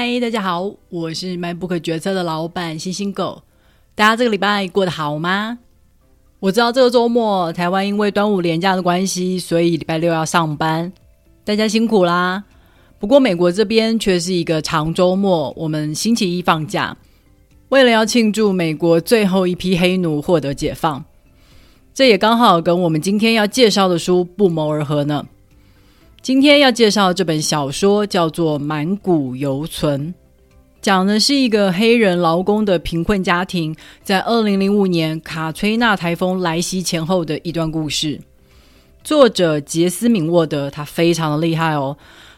嗨，Hi, 大家好，我是 Minebook 掘冊的老板星星狗。大家這個禮拜過得好嗎？我知道這個週末台灣因為端午連假的關係，所以禮拜六要上班，大家辛苦啦。不過美國這邊卻是一個長週末，我們星期一放假。為了要慶祝美國最後一批黑奴獲得解放，這也剛好跟我們今天要介紹的書不謀而合呢。今天要介紹的這本小說叫做《蠻骨猶存》，講的是一個黑人勞工的貧困家庭在二零零五年卡崔娜颱風來襲前後的一段故事。作者傑斯敏沃德，他非常的厲害哦，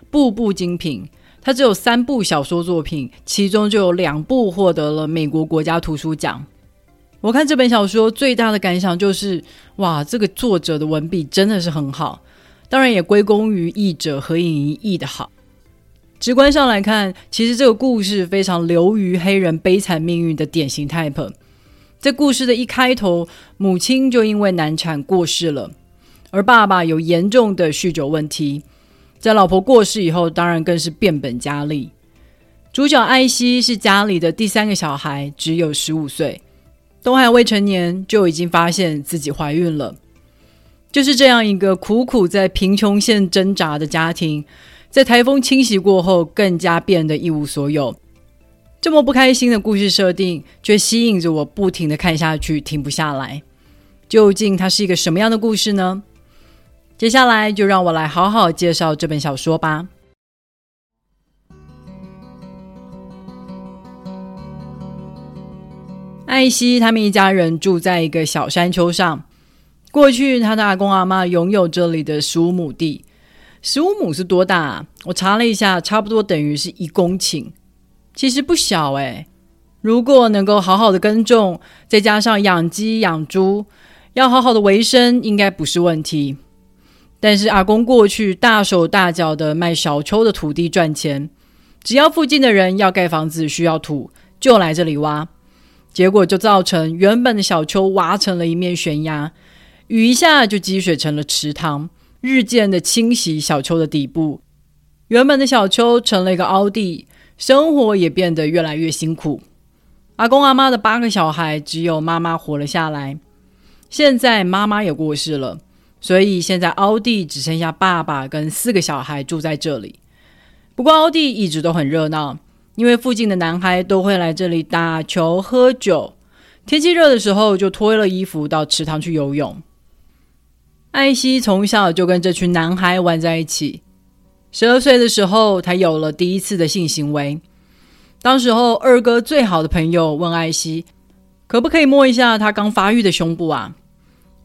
部部精品。他只有三部小說作品，其中就有兩部獲得了美國國家圖書獎。我看這本小說最大的感想就是，哇，這個作者的文筆真的是很好。當然也歸功於譯者何穎怡譯的好。直觀上來看，其實這個故事非常流於黑人悲慘命運的典型 type。在故事的一開頭，母親就因為難產過世了，而爸爸有嚴重的酗酒問題，在老婆過世以後，當然更是變本加厲。主角艾希是家裡的第三個小孩，只有十五歲，都還未成年就已經發現自己懷孕了。就是這樣一個苦苦在貧窮線掙扎的家庭，在颱風侵襲過後，更加變得一無所有。這麼不開心的故事設定，卻吸引着我不停的看下去，停不下來。究竟它是一個什麼樣的故事呢？接下來就讓我來好好介紹這本小說吧。艾希他們一家人住在一個小山丘上。過去，他的阿公阿媽擁有這裡的十五畝地。十五畝是多大啊？我查了一下，差不多等於是一公頃，其實不小哎、欸。如果能夠好好的耕種，再加上養雞養豬，要好好的維生，應該不是問題。但是阿公過去大手大腳的賣小丘的土地賺錢，只要附近的人要蓋房子需要土，就來這裡挖，結果就造成原本的小丘挖成了一面懸崖。雨一下就積水成了池塘，日漸的清洗小丘的底部，原本的小丘成了一個凹地，生活也變得越來越辛苦。阿公阿媽的八個小孩，只有媽媽活了下來。現在媽媽也過世了，所以現在凹地只剩下爸爸跟四個小孩住在這裡。不過凹地一直都很熱鬧，因為附近的男孩都會來這裡打球、喝酒，天氣熱的時候就脫了衣服到池塘去游泳。艾希從小就跟這群男孩玩在一起。十二歲的時候，她有了第一次的性行為。當時候，二哥最好的朋友問艾希：“可不可以摸一下她剛發育的胸部啊？”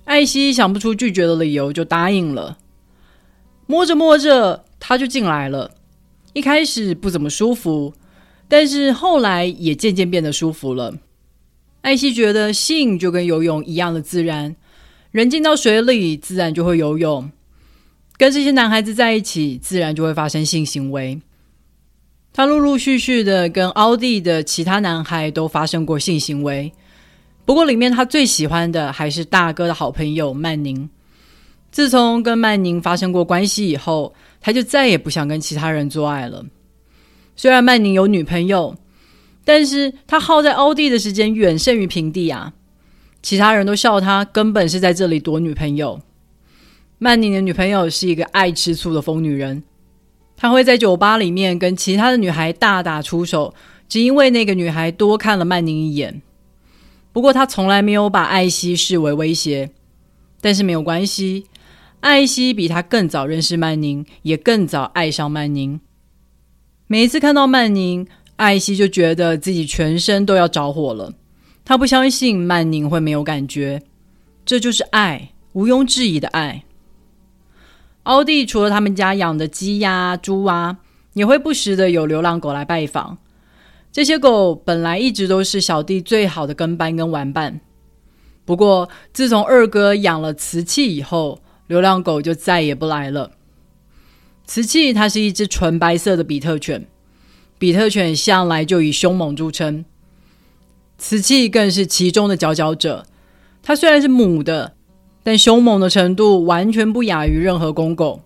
艾希想不出拒絕的理由，就答應了。摸着摸着，他就進來了。一開始不怎麼舒服，但是後來也漸漸變得舒服了。艾希覺得性就跟游泳一樣的自然。人進到水裡，自然就會游泳。跟這些男孩子在一起，自然就會發生性行為。他陸陸續續的跟奧迪的其他男孩都發生過性行為，不過裡面他最喜歡的還是大哥的好朋友曼寧。自從跟曼寧發生過關係以後，他就再也不想跟其他人做愛了。雖然曼寧有女朋友，但是他耗在奧迪的時間遠勝於平地啊。其他人都笑他，根本是在這裡躲女朋友。曼寧的女朋友是一個愛吃醋的瘋女人，她會在酒吧裡面跟其他的女孩大打出手，只因為那個女孩多看了曼寧一眼。不過她從來沒有把艾希視為威脅，但是沒有關係，艾希比她更早認識曼寧，也更早愛上曼寧。每一次看到曼寧，艾希就覺得自己全身都要着火了。他不相信曼寧會沒有感覺，這就是愛，毋庸置疑的愛。奧蒂除了他們家養的雞呀、鴨啊、豬啊，也會不時的有流浪狗來拜訪。這些狗本來一直都是小弟最好的跟班跟玩伴，不過自從二哥養了瓷器以後，流浪狗就再也不來了。瓷器它是一隻純白色的比特犬，比特犬向來就以兇猛著稱。瓷器更是其中的佼佼者。它雖然是母的，但兇猛的程度完全不亞於任何公狗。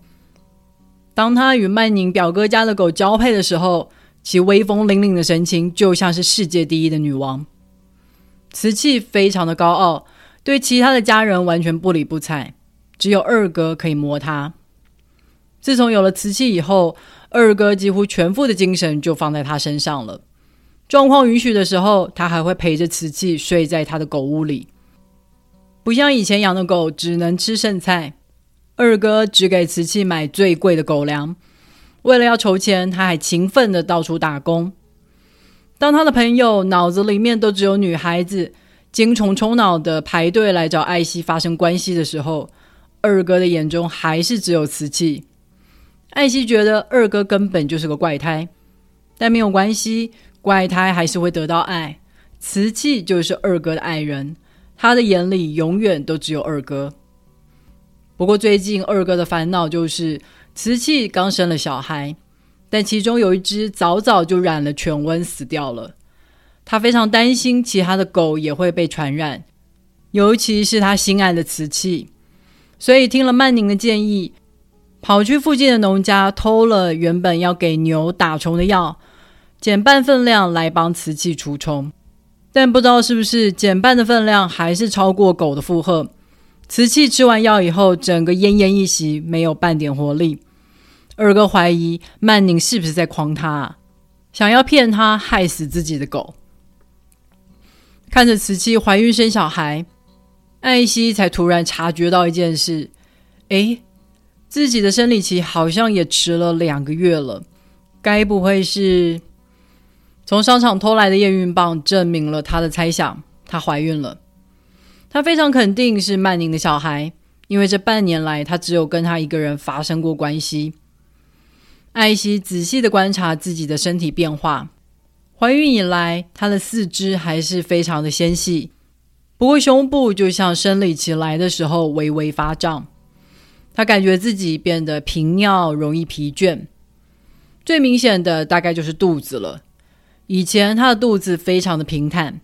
當它與曼寧表哥家的狗交配的時候，其威風凜凜的神情就像是世界第一的女王。瓷器非常的高傲，對其他的家人完全不理不睬，只有二哥可以摸它。自從有了瓷器以後，二哥幾乎全副的精神就放在它身上了。狀況允許的時候，他還會陪着瓷器睡在他的狗屋裡，不像以前養的狗只能吃剩菜。二哥只給瓷器買最貴的狗糧，為了要籌錢，他還勤奮地到處打工。當他的朋友腦子裡面都只有女孩子，精蟲衝腦地排隊來找艾希發生關係的時候，二哥的眼中還是只有瓷器。艾希覺得二哥根本就是個怪胎，但沒有關係。怪胎還是會得到愛，瓷器就是二哥的愛人，他的眼裡永遠都只有二哥。不過最近二哥的煩惱就是瓷器剛生了小孩，但其中有一隻早早就染了犬瘟死掉了，他非常擔心其他的狗也會被傳染，尤其是他心愛的瓷器，所以聽了曼寧的建議，跑去附近的農家偷了原本要給牛打蟲的藥。減半分量，來幫瓷器除蟲，但不知道是不是減半的分量還是超過狗的負荷。瓷器吃完藥以後，整個奄奄一息，沒有半點活力。二哥懷疑曼寧是不是在誆他，想要騙他害死自己的狗。看着瓷器懷孕生小孩，艾希才突然察覺到一件事：誒，自己的生理期好像也遲了兩個月了，該不會是？從商場偷來的驗孕棒證明了他的猜想，她懷孕了。他非常肯定是曼寧的小孩，因為這半年來他只有跟她一個人發生過關係。艾希仔細地觀察自己的身體變化，懷孕以來，她的四肢還是非常的纖細，不過胸部就像生理期來的時候微微發脹。她感覺自己變得頻尿，容易疲倦，最明顯的大概就是肚子了。以前她的肚子非常的平坦，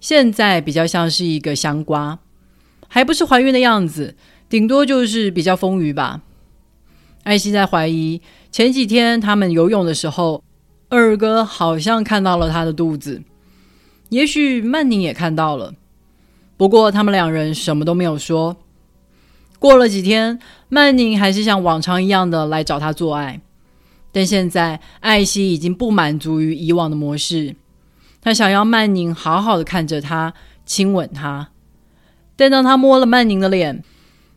現在比較像是一個香瓜，還不是懷孕的樣子，頂多就是比較豐腴吧。艾希在懷疑，前幾天他們游泳的時候，二哥好像看到了她的肚子，也許曼寧也看到了，不過他們兩人什麼都沒有說。過了幾天，曼寧還是像往常一樣的來找他做愛。但現在，艾希已經不滿足於以往的模式，他想要曼寧好好的看着他，親吻他。但當他摸了曼寧的臉，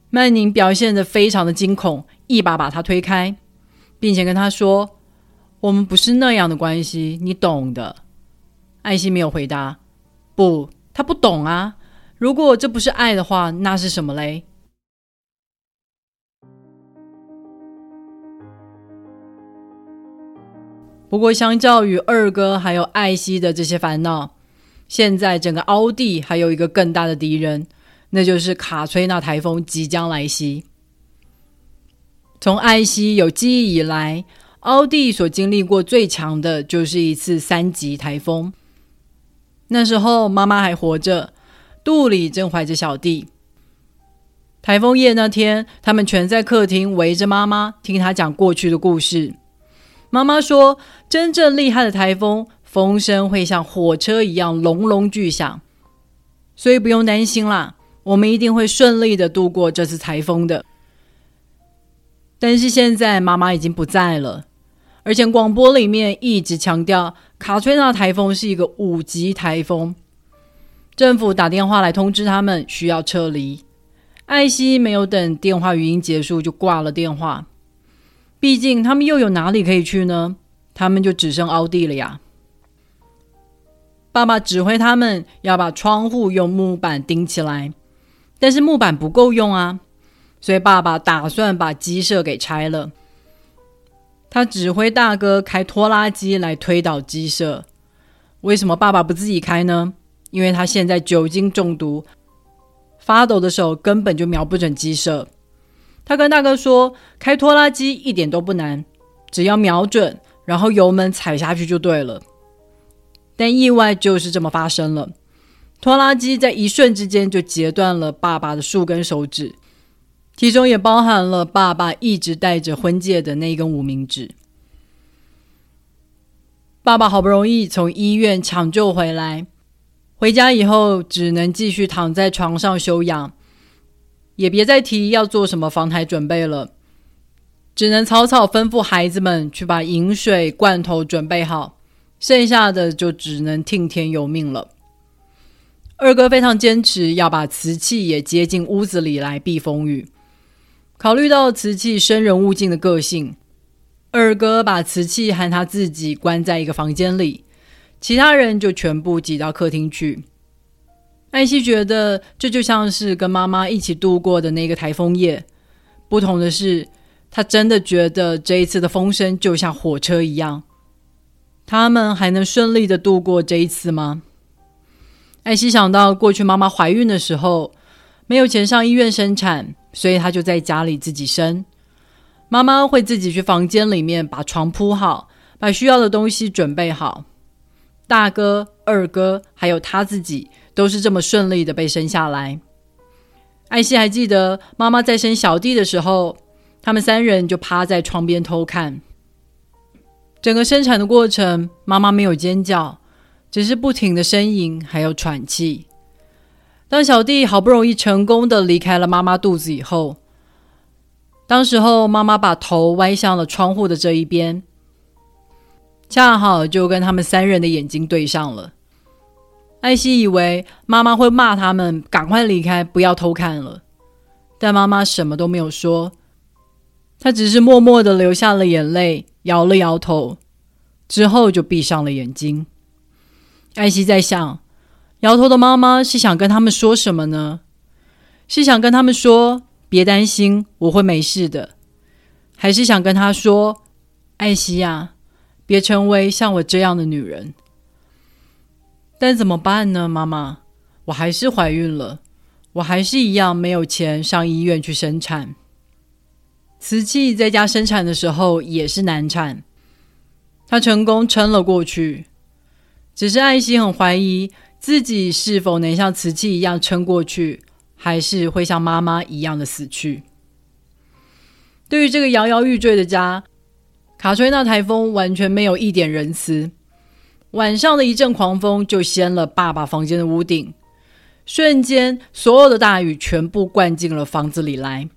曼寧表現得非常的驚恐，一把把他推開，並且跟他說：“我們不是那樣的關係，你懂的。”艾希沒有回答。不，他不懂啊。如果這不是愛的話，那是什麼嘞？不過，相較於二哥還有艾希的這些煩惱，現在整個奧蒂還有一個更大的敵人，那就是卡崔娜台風即將來襲。從艾希有記憶以來，奧蒂所經歷過最強的就是一次三級台風。那時候媽媽還活着，肚裡正懷着小弟。台風夜那天，他們全在客廳圍着媽媽，聽她講過去的故事。媽媽說：“真正厲害的颱風，風聲會像火車一樣隆隆巨響，所以不用擔心啦，我們一定會順利的度過這次颱風的。”但是現在媽媽已經不在了，而且廣播裡面一直強調卡崔娜颱風是一個五級颱風，政府打電話來通知他們需要撤離。艾希沒有等電話語音結束就掛了電話。畢竟他們又有哪裡可以去呢？他們就只剩奧地了呀。爸爸指揮他們要把窗戶用木板釘起來，但是木板不夠用啊，所以爸爸打算把雞舍給拆了。他指揮大哥開拖拉機來推倒雞舍。為什麼爸爸不自己開呢？因為他現在酒精中毒，發抖的手根本就瞄不準雞舍。他跟大哥說：「開拖拉機一點都不難，只要瞄準，然後油門踩下去就對了。」但意外就是這麼發生了，拖拉機在一瞬之間就截斷了爸爸的數根手指，其中也包含了爸爸一直戴著婚戒的那一根無名指。爸爸好不容易從醫院搶救回來，回家以後只能繼續躺在床上休養。也別再提要做什麼防台準備了，只能草草吩咐孩子們去把飲水罐頭準備好，剩下的就只能聽天由命了。二哥非常堅持要把瓷器也接進屋子裡來避風雨，考慮到瓷器生人勿近的個性，二哥把瓷器和他自己關在一個房間裡，其他人就全部擠到客廳去。艾希覺得這就像是跟媽媽一起度過的那個颱風夜，不同的是，她真的覺得這一次的風聲就像火車一樣。他們還能順利的度過這一次嗎？艾希想到過去媽媽懷孕的時候沒有錢上醫院生產，所以她就在家裡自己生。媽媽會自己去房間裡面把床鋪好，把需要的東西準備好。大哥、二哥還有他自己，都是這麼順利的被生下來。艾希還記得，媽媽在生小弟的時候，他們三人就趴在窗邊偷看。整個生產的過程，媽媽沒有尖叫，只是不停的呻吟，還有喘氣。當小弟好不容易成功的離開了媽媽肚子以後，當時候媽媽把頭歪向了窗戶的這一邊，恰好就跟他們三人的眼睛對上了。艾希以為媽媽會罵他們，趕快離開，不要偷看了。但媽媽什麼都沒有說，她只是默默的流下了眼淚，搖了搖頭，之後就閉上了眼睛。艾希在想，搖頭的媽媽是想跟他們說什麼呢？是想跟他們說別擔心，我會沒事的，還是想跟他說，艾希呀、啊，別成為像我這樣的女人。但怎麼辦呢，媽媽？我還是懷孕了，我還是一樣沒有錢上醫院去生產。瓷器在家生產的時候也是難產，她成功撐了過去，只是艾希很懷疑自己是否能像瓷器一樣撐過去，還是會像媽媽一樣的死去。對於這個搖搖欲墜的家，卡崔娜台風完全沒有一點仁慈。晚上的一陣狂風就掀了爸爸房間的屋頂，瞬間所有的大雨全部灌進了房子裡來，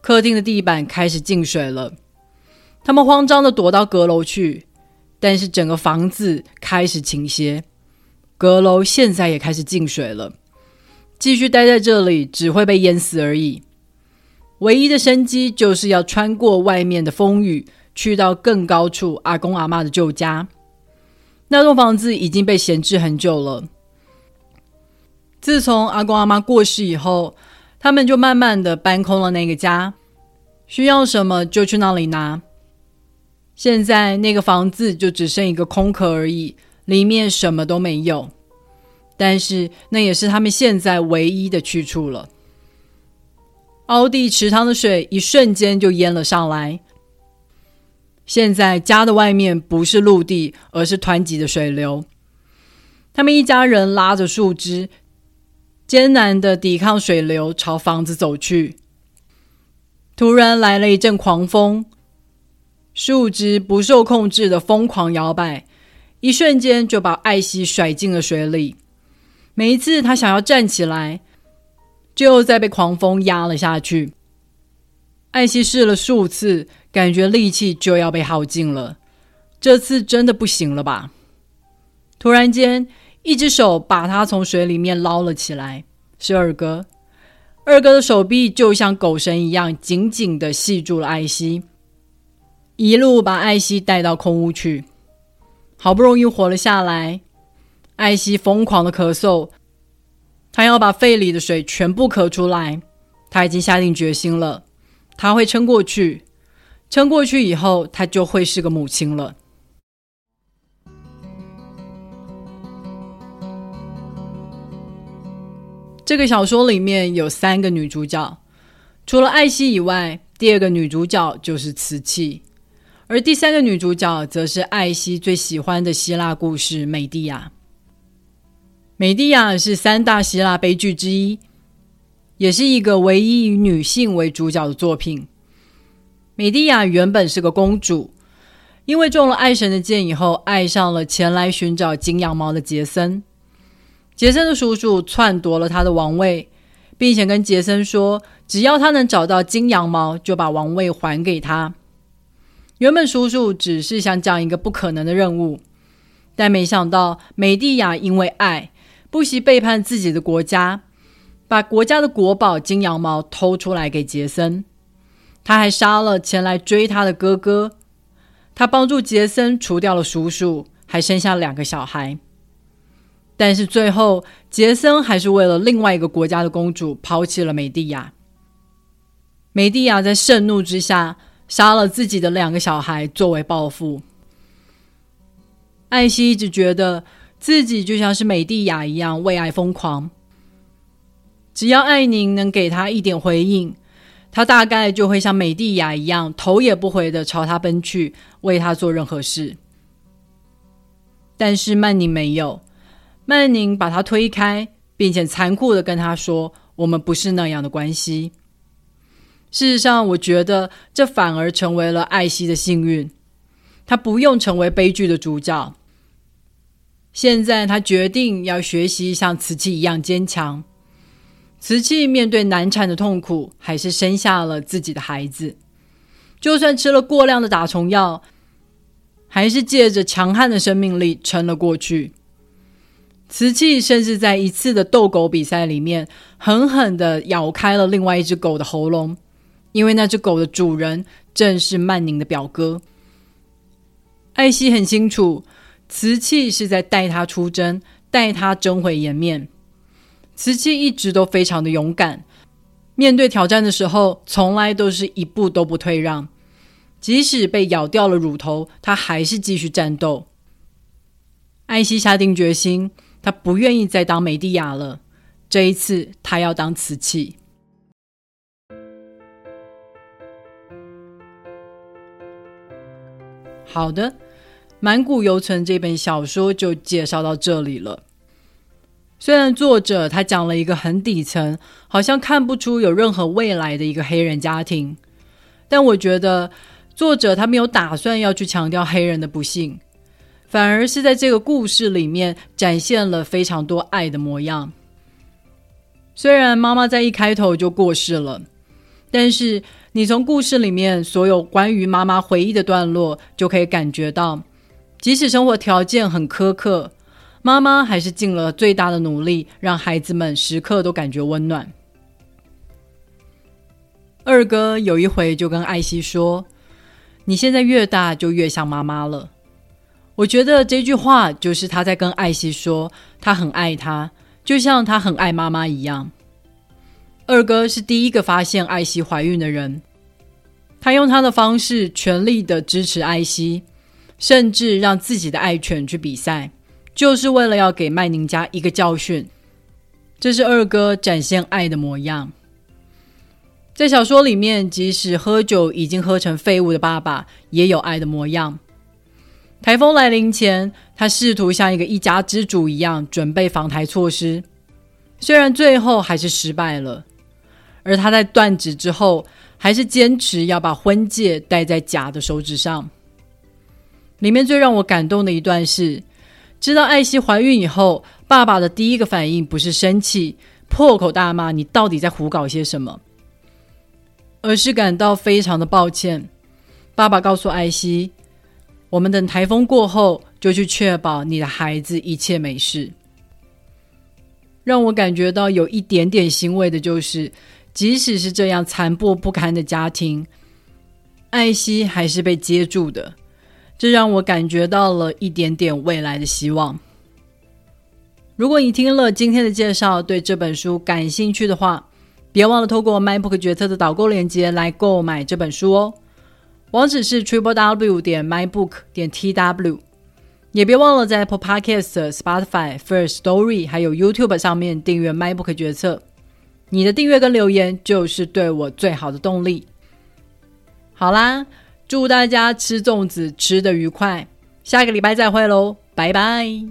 客廳的地板開始進水了。他們慌張地躲到閣樓去，但是整個房子開始傾斜，閣樓現在也開始進水了。繼續待在這裡只會被淹死而已，唯一的生機就是要穿過外面的風雨去到更高處阿公阿嬤的舊家。那棟房子已經被閒置很久了。自從阿公阿嬤過世以後，他們就慢慢的搬空了那個家，需要什麼就去那裡拿。現在那個房子就只剩一個空殼而已，裡面什麼都沒有。但是那也是他們現在唯一的去處了。凹地池塘的水一瞬間就淹了上來。現在家的外面不是陸地，而是湍急的水流。他們一家人拉着樹枝，艱難的抵抗水流，朝房子走去。突然來了一陣狂風，樹枝不受控制的瘋狂搖擺，一瞬間就把艾希甩進了水裡。每一次他想要站起來，就又再被狂風壓了下去。艾希試了數次，感覺力氣就要被耗盡了。這次真的不行了吧？突然間，一隻手把他從水裡面撈了起來。是二哥，二哥的手臂就像狗繩一樣緊緊的繫住了艾希，一路把艾希帶到空屋去。好不容易活了下來，艾希瘋狂的咳嗽，他要把肺裡的水全部咳出來。他已經下定決心了。他會撐過去，撐過去以後，他就會是個母親了。這個小說裡面有三個女主角，除了艾希以外，第二個女主角就是瓷器，而第三個女主角則是艾希最喜歡的希臘故事《美狄亞》。美狄亞是三大希臘悲劇之一。也是一個唯一以女性為主角的作品。美蒂雅原本是個公主，因為中了愛神的箭以後，愛上了前來尋找金羊毛的傑森。傑森的叔叔篡奪了他的王位，並且跟傑森說，只要他能找到金羊毛，就把王位還給他。原本叔叔只是想講一個不可能的任務，但沒想到美蒂雅因為愛，不惜背叛自己的國家。把國家的國寶金羊毛偷出來給傑森，他還殺了前來追他的哥哥。他幫助傑森除掉了叔叔，還生下兩個小孩。但是最後，傑森還是為了另外一個國家的公主拋棄了美蒂亞。美蒂亞在盛怒之下殺了自己的兩個小孩作為報復。艾希一直覺得自己就像是美蒂亞一樣為愛瘋狂。只要艾寧能給他一點回應，他大概就會像美蒂雅一樣，頭也不回地朝他奔去，為他做任何事。但是曼寧沒有，曼寧把他推開，並且殘酷地跟他說：“我們不是那樣的關係。”事實上，我覺得這反而成為了艾希的幸運，他不用成為悲劇的主角。現在，他決定要學習像瓷器一樣堅強。瓷器面對難產的痛苦，還是生下了自己的孩子。就算吃了過量的打蟲藥，還是借着強悍的生命力撐了過去。瓷器甚至在一次的鬥狗比賽裡面，狠狠的咬開了另外一隻狗的喉嚨，因為那隻狗的主人正是曼寧的表哥。艾希很清楚，瓷器是在帶他出征，帶他爭回顏面。瓷器一直都非常的勇敢，面對挑戰的時候，從來都是一步都不退讓。即使被咬掉了乳頭，他還是繼續戰鬥。艾希下定決心，他不願意再當美狄亞了，這一次他要當瓷器。好的，《蠻骨猶存》這本小說就介紹到這裡了。雖然作者他講了一個很底層，好像看不出有任何未來的一個黑人家庭，但我覺得作者他沒有打算要去強調黑人的不幸，反而是在這個故事裡面展現了非常多愛的模樣。雖然媽媽在一開頭就過世了，但是你從故事裡面所有關於媽媽回憶的段落就可以感覺到，即使生活條件很苛刻。媽媽還是盡了最大的努力，讓孩子們時刻都感覺溫暖。二哥有一回就跟艾希說：“你現在越大，就越像媽媽了。”我覺得這句話就是他在跟艾希說，他很愛她，就像他很愛媽媽一樣。二哥是第一個發現艾希懷孕的人，他用他的方式全力的支持艾希，甚至讓自己的愛犬去比賽。就是為了要給麥寧家一個教訓，這是二哥展現愛的模樣。在小說裡面，即使喝酒已經喝成廢物的爸爸，也有愛的模樣。颱風來臨前，他試圖像一個一家之主一樣準備防颱措施，雖然最後還是失敗了，而他在斷指之後，還是堅持要把婚戒戴在假的手指上。裡面最讓我感動的一段是，知道艾希懷孕以後，爸爸的第一個反應不是生氣、破口大罵你到底在胡搞些什麼，而是感到非常的抱歉。爸爸告訴艾希：“我們等台風過後，就去確保你的孩子一切沒事。”讓我感覺到有一點點欣慰的就是，即使是這樣殘破不堪的家庭，艾希還是被接住的。這讓我感覺到了一點點未來的希望。如果你聽了今天的介紹，對這本書感興趣的話，別忘了透過 MINEBOOK 掘冊的導購鏈接來購買這本書哦。網址是 triple w 點 minebook 點 tw。也別忘了在 Apple Podcast、Spotify、First Story 還有 YouTube 上面訂閱 MINEBOOK 掘冊。你的訂閱跟留言就是對我最好的動力。好啦。祝大家吃粽子吃得愉快，下個禮拜再會嘍，拜拜。